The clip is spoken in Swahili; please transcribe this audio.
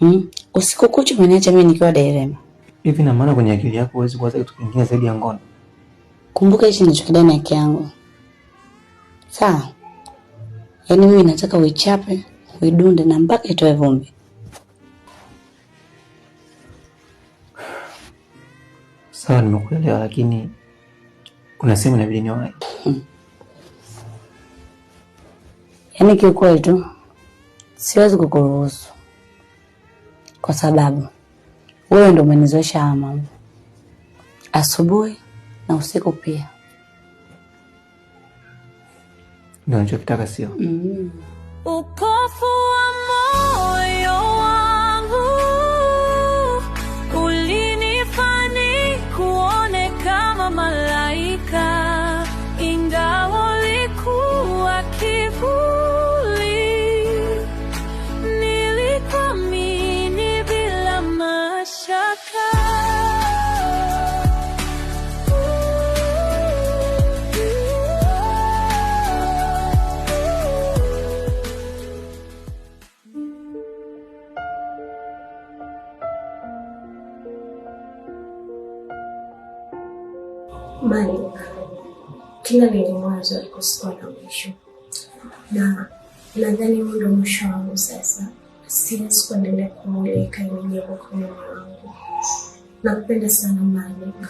Hmm? kucha umeniacha mimi nikiwa derema. Hivi na maana kwenye akili yako huwezi kuwaza kitu kingine zaidi ya ngono? Kumbuka hichi ndicho na yake yangu. Sawa. Yaani mimi nataka uichape, uidunde na mpaka itoe vumbi. Sawa, nimekuelewa lakini kuna sehemu inabidi niwahi. Hmm. Yaani kiukweli tu siwezi kukuruhusu kwa sababu wewe ndio umenizoesha haya mambo, asubuhi na usiku pia. Ndio nachokitaka, sio? mm. ukofu Malik, kila lenye mwanzo halikosekwa na mwisho, na nadhani mundo mwisho wangu sasa, siwezi kuendelea kumulika imejengwa kwenye Nakupenda sana Malik.